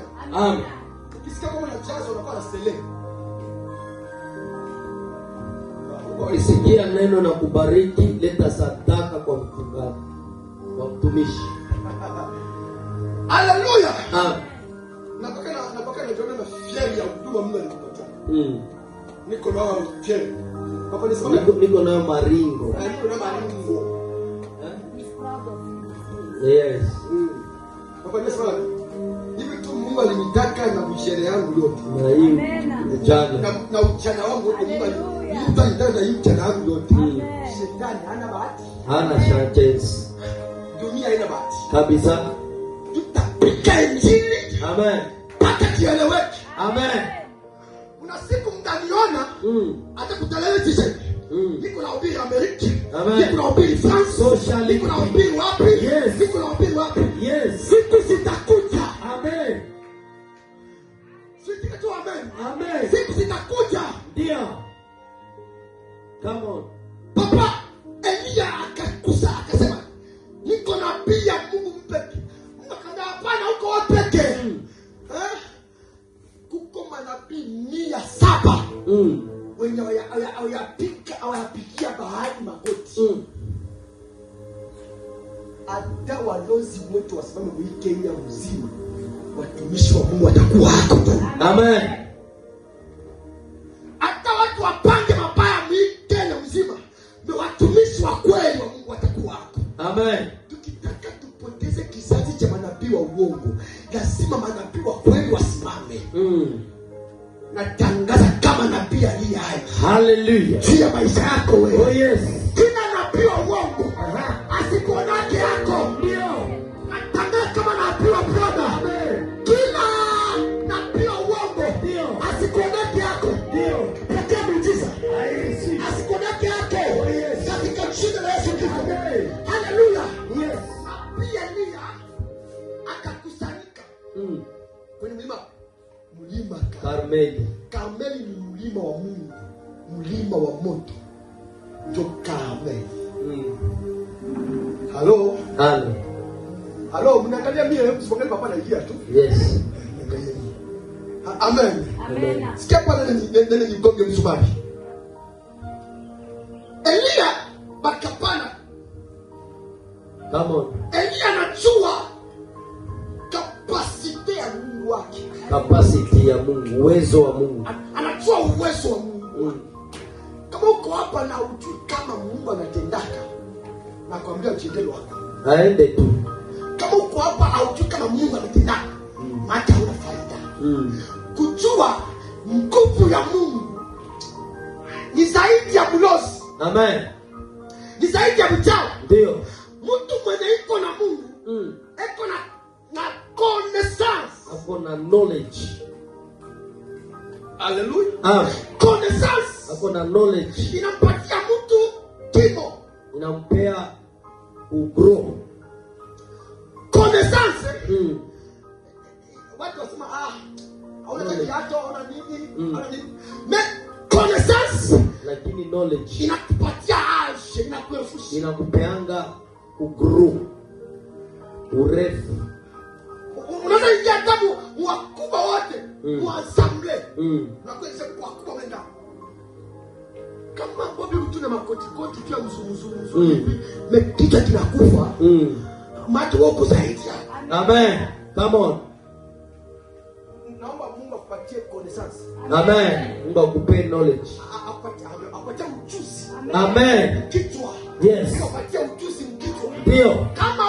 wewe. Amen. Ukisikia kama unakuwa na sele. neno na kubariki, leta sadaka kwa mchungaji, kwa mtumishi. Haleluya. Amen. na na fieri ya huduma Mungu alikupatia. Mm. Niko nao fieri. niko nao maringo. Niko nao maringo. Eh? Yes. Mm. Mungu alinitaka na mishere yangu yote Amen. na na uchana wangu Mungu alinitaka na uchana wangu yote. Amen. Shetani hana bahati, hana chance, dunia haina bahati kabisa. Tutapika injili amen, paka kieleweke amen. Kuna siku mtaniona hmm. hata kutalele Mm. niko ubiri Amerika, Amen. niko ubiri France, niko ubiri Come on. Papa Elia akakusa akasema niko na pia Mungu mpe Mungu akaambia hapana, uko wewe peke. Mm. Eh? Kuko manabii mia saba. Mm. Wenye wayapika awayapikia bahari magoti. Mm. Hata walozi wote wasimame wiki Kenya watumishi wa Mungu watakuwa hako tu. Amen. Amen. Tukitaka tupoteze kizazi cha manabii wa uongo, lazima manabii wa kweli wasimame. Mm. Natangaza kama nabii aliye hai. Hallelujah. Juu maisha yako wewe. Oh yes. Kila nabii wa uongo asikuonake yako. Ndio. Natangaza kama nabii wa brother. Amen. Kila Karmeli. Karmeli ni mlima wa Mungu, mlima wa moto ndio Karmeli. Mm. Halo? Halo. Halo, mnaangalia mimi hebu siangalie papa anaingia tu. Yes. Amen. Amen. Sikia pale nene nene nigonge msumari. Elia bakapana. Come on. capacity ya Mungu, uwezo wa Mungu. Anajua uwezo wa Mungu. Kama uko hapa na ujui kama Mungu anatendaka, nakwambia uchendele wako. Aende tu. Kama uko hapa haujui kama Mungu anatendaka, mm. hata una faida. Mm. Kujua nguvu ya Mungu ni zaidi ya mlosi. Amen. Ni zaidi ya mchawi. Ndio. Mtu mwenye iko na Mungu. Mm na knowledge. Alleluia. Ah. Connaissance. Ako na knowledge. Inampatia mtu kimo. Inampea ugro. Connaissance. Mm. Watu wasema ah, hauna kiato, hauna nini, hmm. nini. Me connaissance. Lakini knowledge. Inakupatia inakuefusha. Inakupeanga Urefu unaingia tabu wakubwa wote mm. wasamble mm. na kuweza wakubwa wenda kama bobi mtu makoti koti kia mzumuzuru mzuri mm. kichwa kinakufa mm. macho wako kusaidia amen come on naomba Mungu akupatie connaissance amen Mungu akupe knowledge akupatie akupatie ujuzi amen kichwa yes akupatie ujuzi mkichwa ndio kama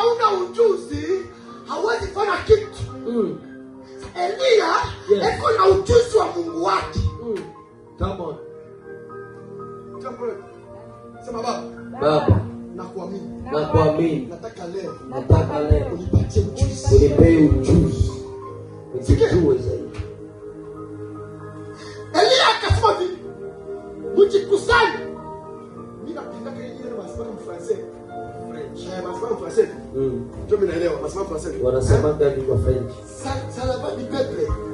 yako na ujuzi wa Mungu wake. Mm. Come on. Sema baba. Baba. Nakuamini. Nakuamini. Nataka leo. Nataka leo. Unipatie ujuzi. Unipe ujuzi. Nijue zaidi. Elia akasema hivi. Mjikusanye. Mimi napenda kile ile wanasema kama Fransai. Eh, mm. Ndio mimi eh? kwa French? Salaba di Petre.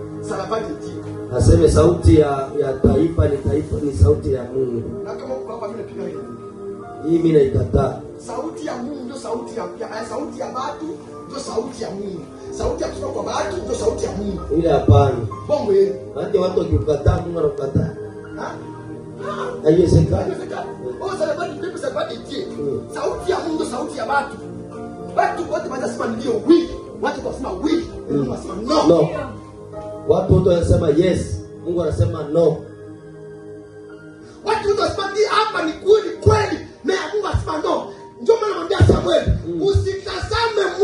Naseme sauti ya ya taifa ni taifa ni sauti ya Mungu. Na kama uko hapa mimi napiga hiyo. Hii mimi naikataa. Sauti ya Mungu ndio sauti ya, ya sauti ya watu ndio sauti ya Mungu. Sauti ya kutoka kwa watu ndio sauti ya Mungu. Ile hapana. Bongo yeye. Hata watu wakikataa Mungu anakukataa. Ha? Haiwezekani. Oh, msalabani ndio msalabani ndio. Sauti ya Mungu sauti ya watu. Watu wote wanasema ndio wii. Watu wanasema wii. Hmm. Wanasema no. No. Watu wote wanasema yes, Mungu anasema no. Watu wote wanasema ni hapa ni kweli kweli, Mungu anasema no. Ndio maana namwambia Samuel, hmm. usitazame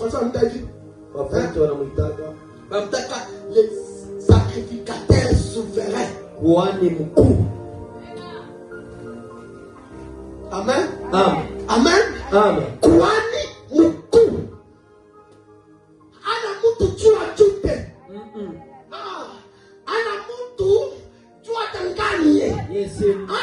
Unajua anahitaji Wanamtaka eh? le sacrificateur souverain. Kuhani mkuu. Amen. Amen. Kuhani mkuu. Ana mtu jua chute. Ah, Ana mtu jua tanganie.